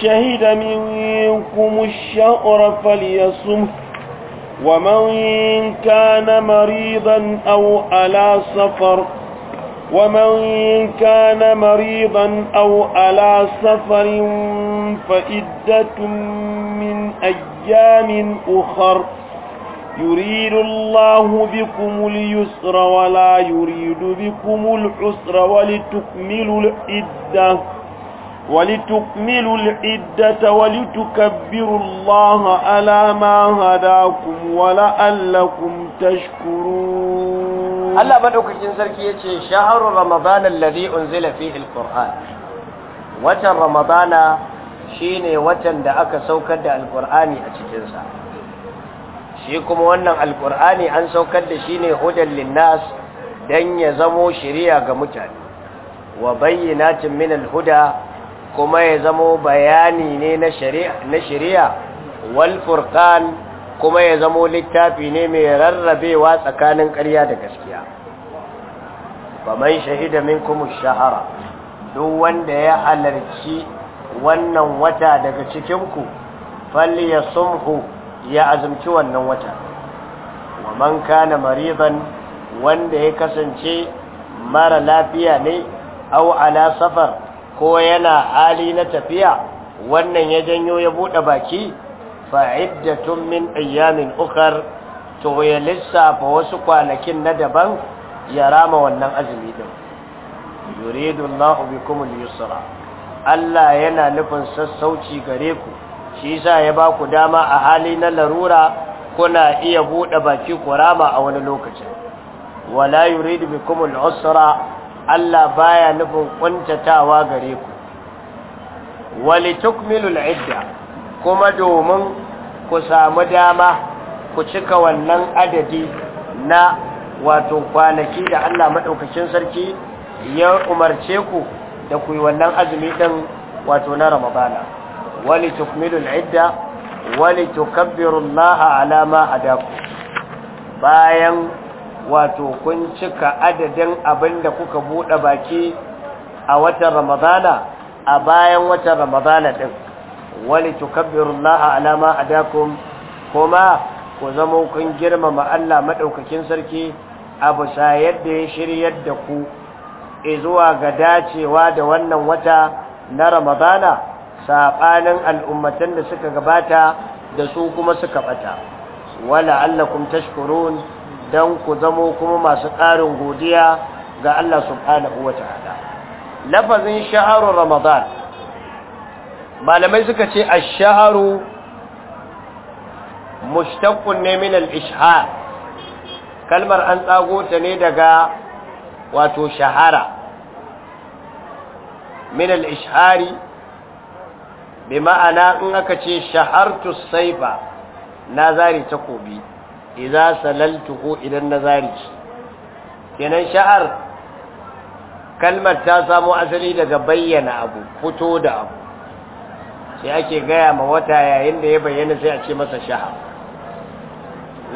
شهد منكم الشهر فليصمه ومن كان مريضا أو على سفر ومن كان مريضا أو على سفر فإدة من أيام أخر يريد الله بكم اليسر ولا يريد بكم العسر ولتكملوا العده ولتكملوا العدة ولتكبروا الله على ما هداكم ولعلكم تشكرون الله مدوكين سركي يتي شهر رمضان الذي أنزل فيه القرآن وتر رمضان shine watan da aka saukar da alkur'ani a cikinsa shi kuma wannan alkur'ani an saukar da shi ne hudan linnas don ya zamo shiriya ga mutane wa bayyanatin min kuma ya zamo bayani ne na shari'a wal kuma ya zamo littafi ne mai rarrabewa tsakanin ƙarya da gaskiya mai shahida minkum shahara duk wanda ya halarci wannan wata daga cikinku falyasumhu ya azumci wannan wata wa man kana maridan wanda ya kasance mara lafiya ne au ala safar ko yana hali na tafiya wannan ya janyo ya buɗe baki fa'iddatun min ayyamin ukar to ya lissafa wasu kwanakin na daban ya rama wannan azumi din yuridu Allahu bikum al-yusra Allah yana nufin sassauci gare ku shi yasa ya ba ku dama a hali na larura kuna iya buɗe baki ku rama a wani lokaci. wala yuridu bikum al-usra Allah baya nufin kuntatawa gare ku wali tukmilul idda kuma domin ku samu dama ku cika wannan adadi na wato kwanaki da Allah madaukakin sarki ya umarce ku da ku yi wannan azumi din wato na Ramadana wali tukmilul idda wali tukabbirullaha ala ma daku bayan wato kun cika adadin abin da kuka buɗe baki a watan ramadana a bayan watan ramadana ɗin wani tukabbirun laha alama a dakon kuma ku zama kun girmama Allah maɗaukakin sarki abu sa yadda ya shiryar da ku zuwa ga dacewa da wannan wata na ramadana saɓanin al'ummatan da suka gabata da su kuma suka ɓata wala allakum tashkurun don ku zamo kuma masu ƙarin godiya ga Allah subhanahu wa ta'ala lafazin sha'arun ramadan malamai suka ce a sha'aru mushtaqqun ne min al kalmar an tsago ta ne daga wato shahara min al-ishhari bi ma'ana in aka ce shahartu saifa na zari takobi iza salaltuhu idan na zari kenan sha'ar kalmar ta samo asali daga bayyana abu fito da abu sai ake gaya ma wata yayin da ya bayyana sai a ce masa sha'ar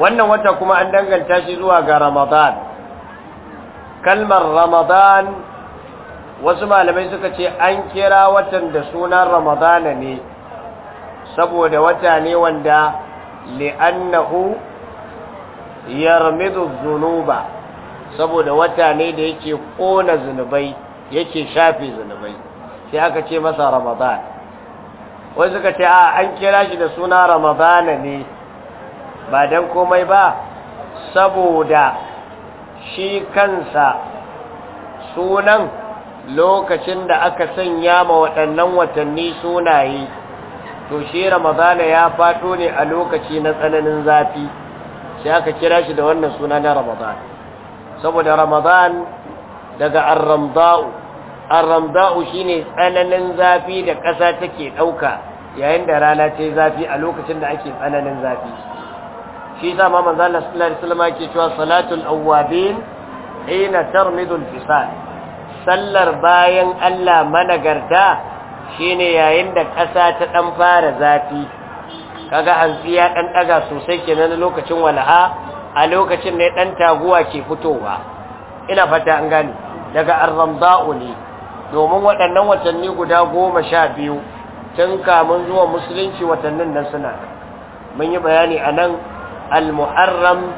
wannan wata kuma an danganta shi zuwa ga ramadan kalmar ramadan wasu malamai suka ce an kira watan da sunan ramadana ne saboda wata ne wanda li'annahu yarmidu zunuba saboda wata ne da yake kona zunubai yake shafe zunubai sai aka ce masa ramadan wai suka ce a an kira shi da suna Ramadan ne ba dan komai ba saboda shi kansa sunan lokacin da aka sanya ma waɗannan watanni sunaye to shi ramadana ya fato ne a lokaci na tsananin zafi sai aka kira shi da wannan suna na ramadan saboda ramadan daga arramda'u arramda'u shine tsananin zafi da ƙasa take ɗauka yayin da rana ta zafi a lokacin da ake tsananin zafi shi sa ma manzo Allah sallallahu alaihi wasallam cewa salatul awwabin hina tarmidul fisal sallar bayan Allah managarta shine yayin da ƙasa ta ɗan fara zafi kaga hantsi ya ɗan ɗaga sosai kenan lokacin walaha a lokacin ne ɗan taguwa ke fitowa ina fata an gane daga arramda'u ne domin waɗannan watanni guda goma sha biyu tun kamun zuwa musulunci watannin nan suna mun yi bayani a nan al-muharram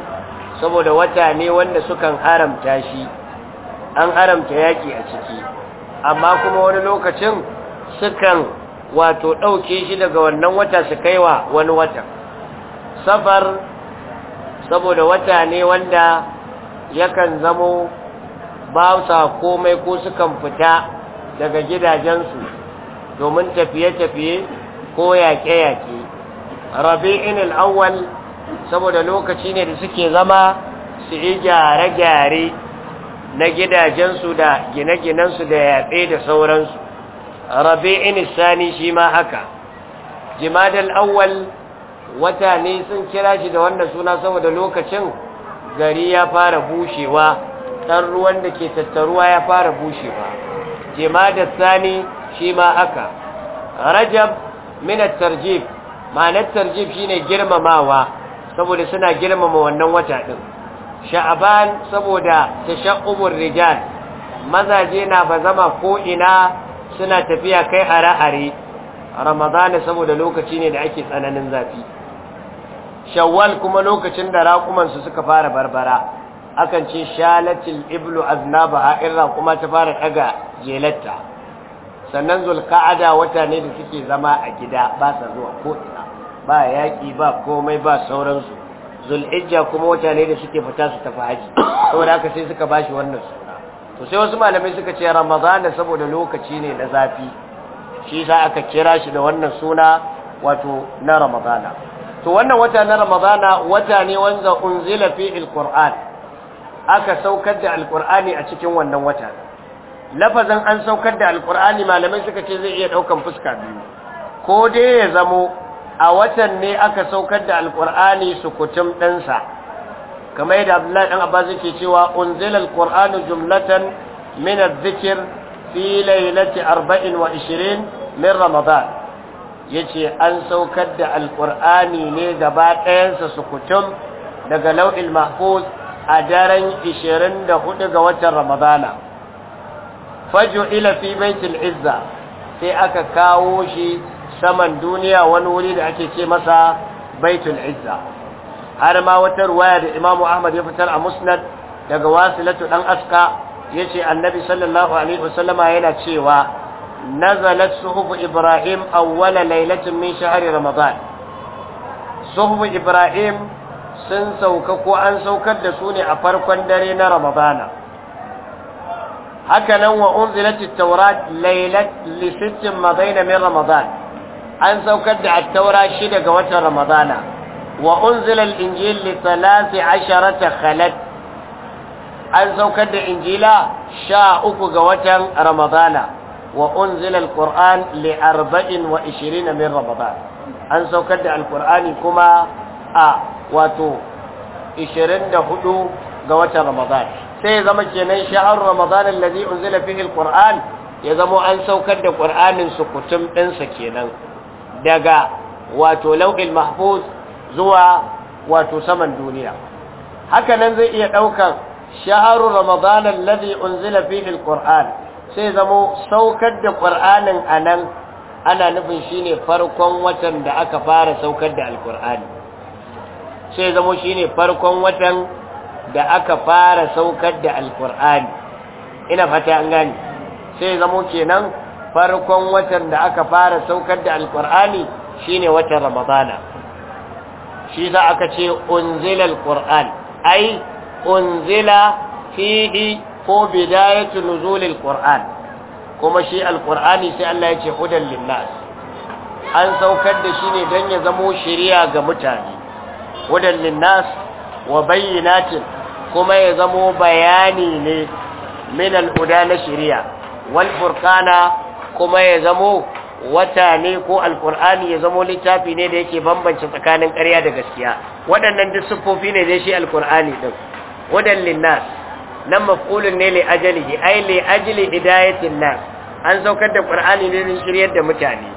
saboda wata ne wanda sukan haramta shi an haramta yaƙi a ciki amma kuma wani lokacin sukan wato ɗauke shi daga wannan wata su kaiwa wani wata safar saboda wata ne wanda yakan zamo ba sa komai ko sukan fita daga gidajensu domin tafiye-tafiye ko yaƙe-yaƙe rabi'in al'awwal saboda lokaci ne da suke zama su yi gyare-gyare na gidajensu da gine-ginensu da yaɓe da sauransu rabi'in sani shi ma haka jimadal awwal wata ne sun kira shi da wannan suna saboda lokacin gari ya fara bushewa 'dan ruwan da ke tattaruwa ya fara bushewa jimadal sani shi ma haka rajab minat tarjib ma'anar tarjib shine girmamawa saboda suna girmama wannan wata din sha'aban saboda tashaqqubur rijal mazaje na bazama ko ina suna tafiya kai are-are ramadana saboda lokaci ne da ake tsananin zafi shawwal kuma lokacin da raƙumansu suka fara barbara akan ce shalatil iblu aznaba ha'irra kuma ta fara daga jelatta sannan zulka'ada wata ne da suke zama a gida ba sa zuwa ko'ina ba yaƙi ba komai ba sauransu zul'ijja kuma wata ne da suke fita su tafi haji saboda haka sai suka bashi wannan su to sai wasu malamai suka ce ramadana saboda lokaci ne na zafi shi sa aka kira shi da wannan suna wato na ramadana to wannan wata na ramadana wata ne wanda unzila fi alquran aka saukar da alqurani a cikin wannan wata lafazin an saukar da alqurani malamai suka ce zai iya daukan fuska biyu ko dai ya zamo a watan ne aka saukar da alqurani sukutum dinsa kamar yadda abdullahi dan abbas yake cewa unzilal alqur'anu jumlatan min adh-dhikr fi laylati 24 min ramadan yace an saukar da alƙur'ani ne gaba ɗayansa sukutum daga lau'il mahfuz a daren 24 ga watan ramadana faju'ila fi baitil izza sai aka kawo shi saman duniya wani wuri da ake ce masa baitul izza har ma wata ruwaya da Imam Ahmad ya fitar a Musnad daga Wasilatu dan Aska yace Annabi sallallahu alaihi wasallama yana cewa nazalat suhuf Ibrahim awwala lailatin min shahri Ramadan suhuf Ibrahim sun sauka ko an saukar da su ne a farkon dare na Ramadana haka nan wa unzilat at-taurat laylat li sittin min Ramadan an saukar da at-taura shi daga watan Ramadana wa unzila al-injil li 13 an saukar da injila sha uku ga watan ramadana wa unzila al-qur'an li min an da al kuma a wato 24 ga watan ramadan sai zama kenan sha'ar ramadan allazi unzila fihi al ya zama an saukar da qur'anin sukutum ɗinsa kenan daga wato lauhil mahfuz zuwa wato saman duniya haka nan zai iya ɗaukar shaharu ramadan alladhi unzila fihi alquran sai zamo saukar da a nan, ana nufin shi ne farkon watan da aka fara saukar da Alƙur'ani. sai zamo shi ne farkon watan da aka fara saukar da Alƙur'ani. ina fata an gane sai zamo kenan farkon watan da aka fara saukar da Alƙur'ani shi ne watan ramadana shi za aka ce unzila alquran ai unzila fihi ko bidayatu nuzulil ƙur'an. kuma shi alqurani sai Allah ya ce hudan linnas an saukar da shi ne dan ya zamo shari'a ga mutane hudan linnas wa bayyinatin kuma ya zamo bayani ne min alhuda na shari'a wal furqana kuma ya zamo wata ne ko alkur'ani ya zamo littafi ne da yake bambance tsakanin ƙarya da gaskiya waɗannan duk siffofi ne da shi alkur'ani ɗin. wadan linnas nan maf'ulun ne li ai li ajli hidayatin nas an saukar da qur'ani ne don shiryar da mutane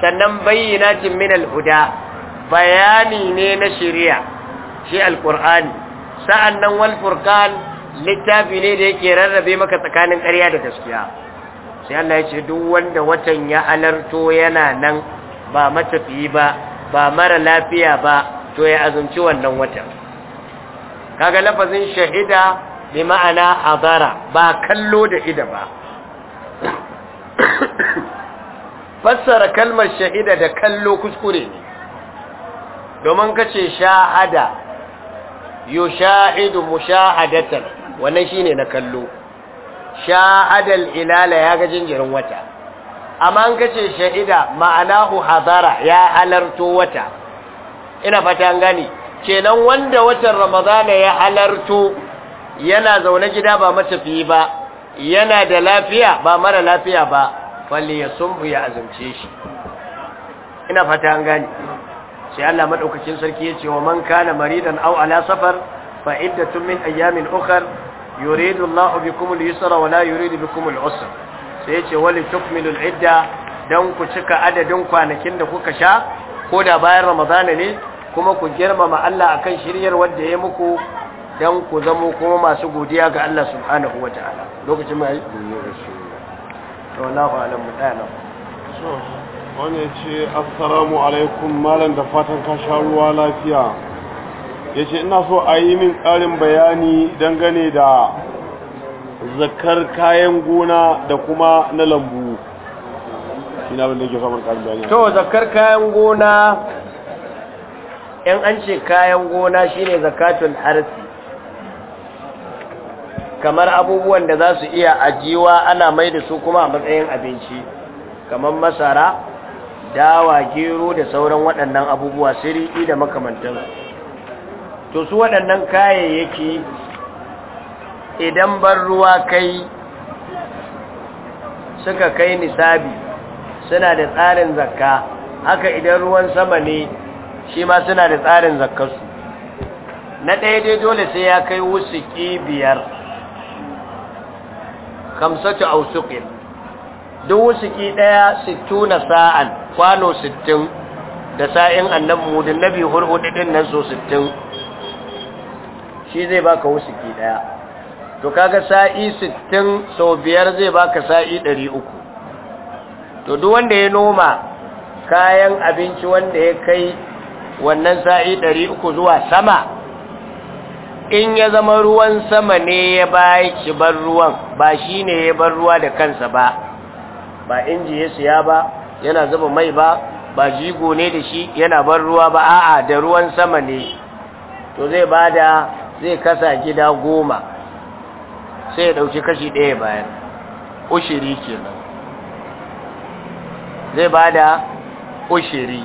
sannan bayyinatin min al bayani ne na shari'a shi alkur'ani sa'annan wal furqan littafi ne da yake rarrabe maka tsakanin ƙarya da gaskiya sai Allah ya ce duk wanda watan ya alarto yana nan ba matafiyi ba ba mara lafiya ba to ya azumci wannan watan kaga lafazin shahida bi ma'ana azara ba kallo da ida ba fassara kalmar shahida da kallo kuskure ne domin kace sha'ada yushahidu mushahadatan wannan shine na kallo sha'adal ilala ya ga jinjirin wata amma an kace shahida ma'anahu hadara ya halarto wata ina fata an gani kenan wanda watan ramadana ya halarto yana zaune gida ba matafiyi ba yana da lafiya ba mara lafiya ba falle ya sumbu ya azumce shi ina fata an gani sai Allah madaukakin sarki ya ce wa man kana maridan aw ala safar fa iddatun min ayamin ukhra yuridu Allahu bikum al-yusra wa la yuridu sai yace wali tukmilu da idda dan ku cika adadin kwanakin da kuka sha ko da bayan ramadana ne kuma ku girmama Allah akan shiryar wanda ya muku dan ku zamo kuma masu godiya ga Allah subhanahu wa ta'ala lokacin mai to Allahu alam mutana so wani ce assalamu alaikum malam da fatan ka sha ruwa lafiya ya ce ina so a yi min ƙarin bayani dangane da zakar kayan gona da kuma na lambu ina samun ƙarin bayani to zakar kayan gona yan an ce kayan gona shine zakatun arsi kamar abubuwan da za su iya ajiwa ana mai da su kuma a matsayin abinci kamar masara dawa gero da sauran waɗannan abubuwa sirri da makamantansu to su waɗannan kayayyaki idan ban ruwa kai suka kai nisabi suna da tsarin zakka haka idan ruwan sama ne shi ma suna da tsarin zakkarsu na ɗaya dai dole sai ya kai wusiki biyar kamsatu ausuqin duk wusiki ɗaya na sa'an kwano sittin da sa'in annabi mudin nabi hurhudu ɗin nan so sittin shi zai baka ke daya to kaga sa'i 60 sau biyar zai baka sa'i 300 to duk wanda ya noma kayan abinci wanda ya kai wannan sa'i 300 zuwa sama in ya zama ruwan sama ne ya bai shi bar ruwan ba shi ne ya bar ruwa da kansa ba ba inji ya siya ba yana zuba mai ba ba jigo ne da shi yana bar ruwa ba a'a da ruwan sama ne to zai bada. zai kasa gida goma sai ya ɗauki kashi ɗaya bayan ushiri nan, zai ba da ushiri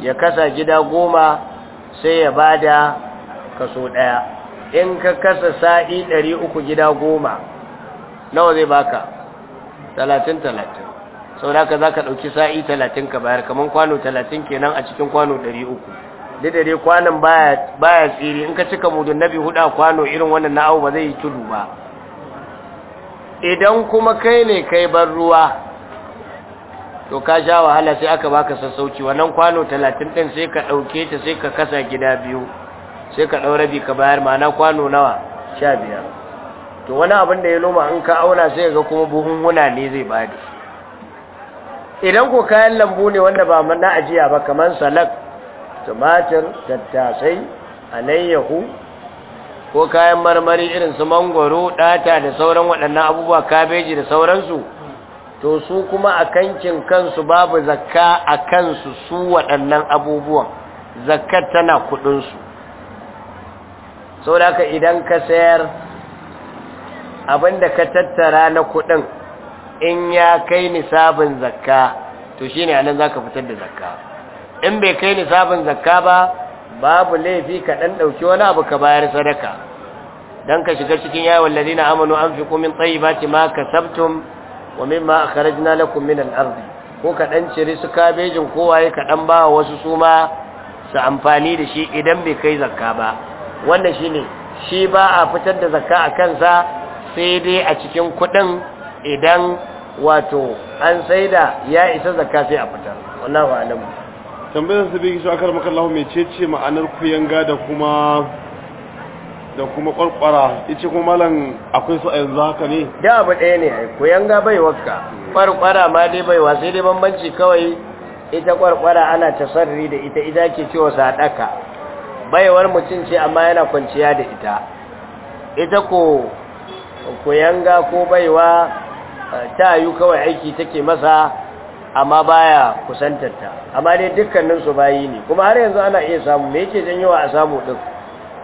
ya kasa gida goma sai ya ba da kaso ɗaya in ka kasa sa'i ɗari uku gida goma nawa zai baka talatin talatin sau da ka za ka ɗauki sa'i talatin ka bayar kamar kwano talatin kenan a cikin kwano ɗari uku da dai, kwanan baya tsiri in ka cika mudun nabi huda kwano irin wannan na'au ba zai yi tudu ba idan kuma kai ne kai ban ruwa to ka sha wahala sai aka baka sassauci wannan kwano 30 din sai ka dauke ta sai ka kasa gida biyu sai ka daura bi ka bayar mana kwano nawa 15 to wani abin da ya loma in ka auna sai ga kuma buhunhuna ne zai bada idan ko kayan lambu ne wanda ba na ajiya ba kamar salak tumatir tattasai alayyahu ko kayan marmari irin su mangoro ɗata da sauran waɗannan abubuwa kabeji da sauransu to su kuma a kankin kansu babu zakka a kansu su waɗannan abubuwan zakka tana kuɗinsu sau da ka idan ka sayar abinda ka tattara na kuɗin in ya kai nisabin zakka to shine anan zaka fitar da zakka in bai kai nisabin zakka ba babu laifi ka dan dauki wani abu ka bayar sadaka dan ka shiga cikin ya wallazina amanu anfiqu min tayyibati ma kasabtum wa mimma akhrajna lakum min al-ard ko ka dan ciri su kabejin kowaye ka dan ba wasu suma su amfani da shi idan bai kai zakka ba wannan shine shi ba a fitar da zakka a kansa sai dai a cikin kudin idan wato an saida ya isa zakka sai a fitar wallahu a'lamu tambayar su biyu akar makallahu mai cece ma'anar kuyanga da kuma da kuma kwarkwara ita kuma malam akwai su a yanzu haka ne da abu ɗaya ne kuyanga bai wakka kwarkwara ma dai bai sai dai bambanci kawai ita kwarkwara ana tasarri da ita ita ke cewa sadaka baiwar mutum ce amma yana kwanciya da ita ita ko kuyanga ko baiwa ta yi kawai aiki take masa amma baya ta amma dai dukkanin su bayi ne kuma har yanzu ana iya samu me yake janyo a samu din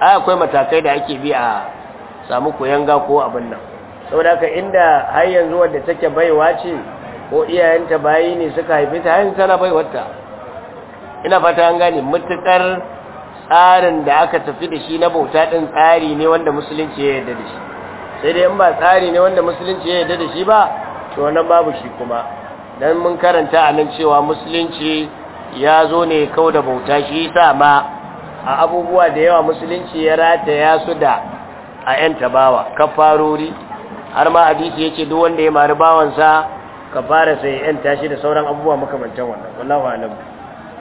ai akwai matakai da ake bi a samu koyanga ko abin nan saboda ka inda har yanzu wanda take baiwa ce ko iyayenta bayi ne suka haife ta har tana baiwarta ina fata an gane mutukar tsarin da aka tafi da shi na bauta din tsari ne wanda musulunci ya yarda da shi sai dai in ba tsari ne wanda musulunci ya yarda da shi ba to wannan babu shi kuma dan mun karanta a nan cewa musulunci ya zo ne kau da bauta shi sa ma a abubuwa da yawa musulunci ya rataya su da a 'yan tabawa kafarori har ma hadisi ya ce duk wanda ya mari bawansa ka fara sai 'yan tashi da sauran abubuwa makamantan wannan wallahu alam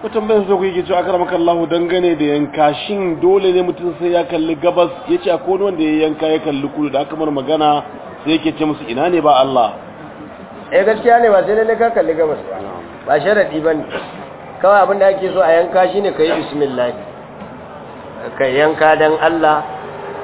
mutum bai so kuke yi akara maka Allah dangane da yanka shin dole ne mutum sai ya kalli gabas yace akwai wanda ya yanka ya kalli kudu da aka mar magana sai yake ce musu ina ne ba Allah ya eh, gaskiya ne ba sai lalle ka kalli gabas ba ba sharadi ne kawai abin ake so a yanka shine yi bismillah ka yanka don Allah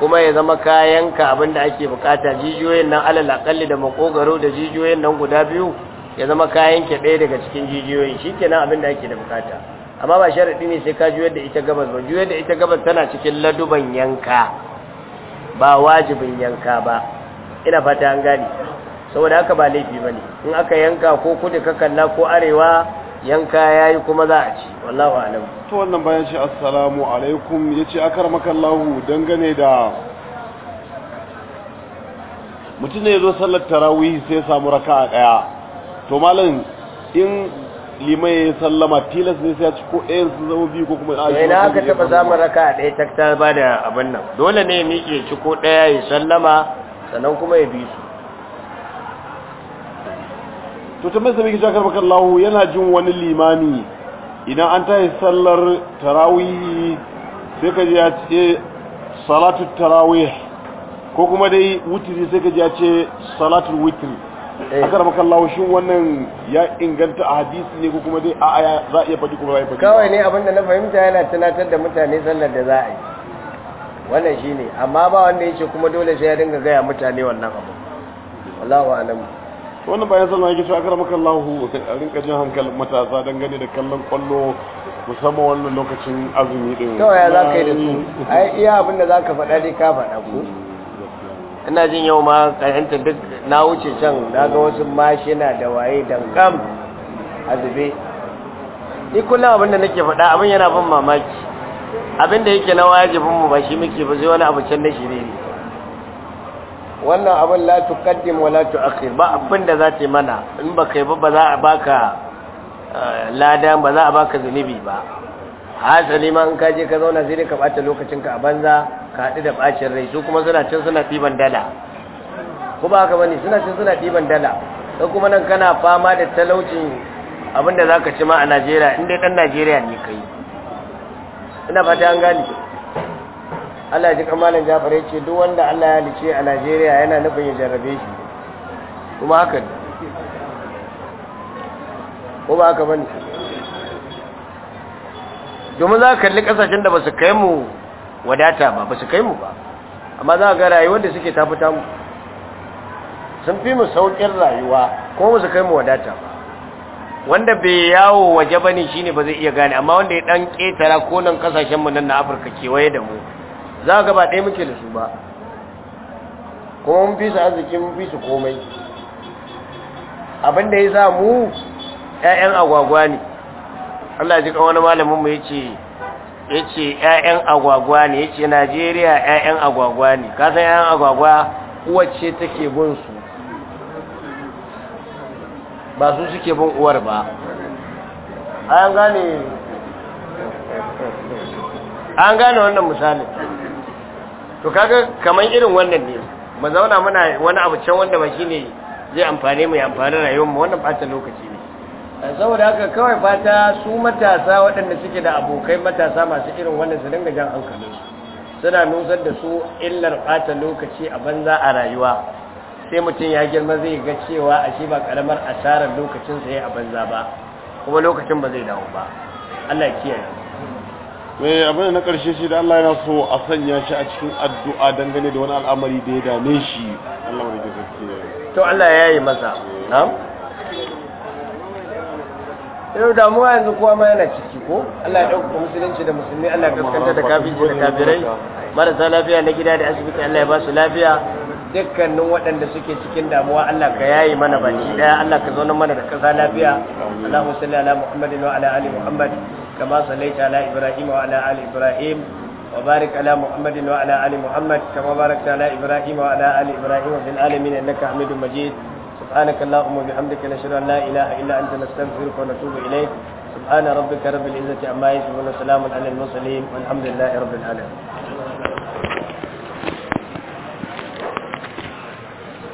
kuma ya zama ka yanka abin ake bukata jijiyoyin nan alal aqalli da makogaro da jijiyoyin nan guda biyu ya zama ka yanke ɗaya daga cikin jijiyoyin shikenan abin da ake da bukata amma ba sharadi ne sai ka juyar da ita gabas ba juyar da ita gabas tana cikin laduban yanka ba wajibin yanka ba ina fata an gane saboda haka ba laifi bane in aka yanka ko kudu ka kalla ko arewa yanka yayi kuma za a ci wallahu alam to wannan bayan shi assalamu alaikum yace akarmakallahu dangane da mutum ne yazo sallar tarawih sai ya samu raka'a daya to malam in limai ya sallama tilas ne sai ya ci ko ɗayan sun zama biyu ko kuma ɗaya na aka taɓa zama raka ɗaya ta ta ba da abin nan dole ne ya miƙe ci ko ɗaya ya sallama sannan kuma ya bi su to ta mai sabi shakar bakallahu yana jin wani limami idan an tahi sallar tarawihi sai ka ji ya ce salatu tarawih ko kuma dai wutiri sai ka ji ya ce salatu wutiri a eh. kar bakallahu shin wannan ya inganta a hadisi ne ko kuma dai a aya za a iya faɗi kuma za a faɗi kawai ne abinda na fahimta yana tunatar da mutane sallar da za a yi wannan shine amma ba wanda yake kuma dole sai ya dinga gaya mutane wannan abu wallahu a'lamu wannan bayan sallah yake so akar maka Allah a rinka jin hankali matasa dangane da kallon kwallo musamman wannan lokacin azumi din kawai ya za ka yi da su ai iya abin da za ka faɗa dai ka faɗa ku mm, ina jin yau ma karanta duk na wuce can na ga wasu mashina da waye dankam a zube ni kullum abin da nake faɗa abin yana ban mamaki abin da yake na wajibin mu ba shi muke ba sai wani abu can na shiriri wannan abin la kaddim wa la akhir ba abin da za ta mana in ba kai ba za a baka eh, lada ba za a baka zunubi ba hasali ma in ka je ka zauna sai dai ka bata lokacin ka a banza ka haɗu da bacin rai su kuma suna cin suna ɗiban dala ko ba ka bani suna cin suna ɗiban dala sai kuma nan kana fama da talaucin abin da za ka ci ma a najeriya in dai dan najeriya ne ka yi ina fata an gani Allah ji kamalin Jafar yace duk wanda Allah ya lice a Najeriya yana nufin ya jarrabe shi kuma haka ko ba haka bane domin za ka kalli kasashen da ba su kai mu wadata ba ba su kai mu ba amma za ka ga rayuwar da suke tafi tamu sun fi mu saukin rayuwa ko mu su kai mu wadata ba wanda bai yawo waje bane shine ba zai iya gane amma wanda ya dan ketara ko nan kasashen mu nan na Afirka kewaye da mu za ga ba ɗaya muke da su ba kuma mun fi su arziki mun fi su komai abinda ya sa mu 'ya'yan agwagwa ne Allah ji kan wani malamin mu yace yace ƴaƴan agwagwa ne yace Najeriya ƴaƴan agwagwa ne ka san ƴaƴan agwagwa uwace take bin su ba su suke bin uwar ba an gane an gane wannan misalin to kaga kaman irin wannan ne mu zauna muna wani abu can wanda ba shine zai amfane mu ya amfani rayuwar mu wannan fata lokaci ne saboda haka kawai fata su matasa waɗanda suke da abokai matasa masu irin wannan su dinga jan hankalin suna nusar da su illar fata lokaci a banza a rayuwa sai mutum ya girma zai ga cewa a shi ba karamar asarar lokacin sa a banza ba kuma lokacin ba zai dawo ba Allah ya kiyaye mai eh, abin na karshe shi da Allah yana so a sanya shi a cikin addu'a dangane da wani al'amari da ya dame shi Allah wani gaske to Allah ya yi masa na'am yau damuwa yanzu kowa ma yana ciki ko Allah ya dauka musulunci da musulmi Allah ya kaskanta da kafirci da kafirai marasa lafiya na gida da asibiti Allah ya ba su lafiya dukkanin waɗanda suke cikin damuwa Allah ka yayi mana baki daya Allah ka zauna mana da kasa lafiya Allahu salli ala Muhammadin wa ala ali Muhammad kama sallaita ala Ibrahim wa ala ali Ibrahim wa barik ala Muhammadin wa ala ali Muhammad kama barakta ala Ibrahim wa ala ali Ibrahim fil alamin innaka Hamidum Majid سبحانك اللهم وبحمدك نشهد ان لا اله الا انت نستغفرك ونتوب اليك سبحان ربك رب العزه عما يصفون وسلام على المرسلين والحمد لله رب العالمين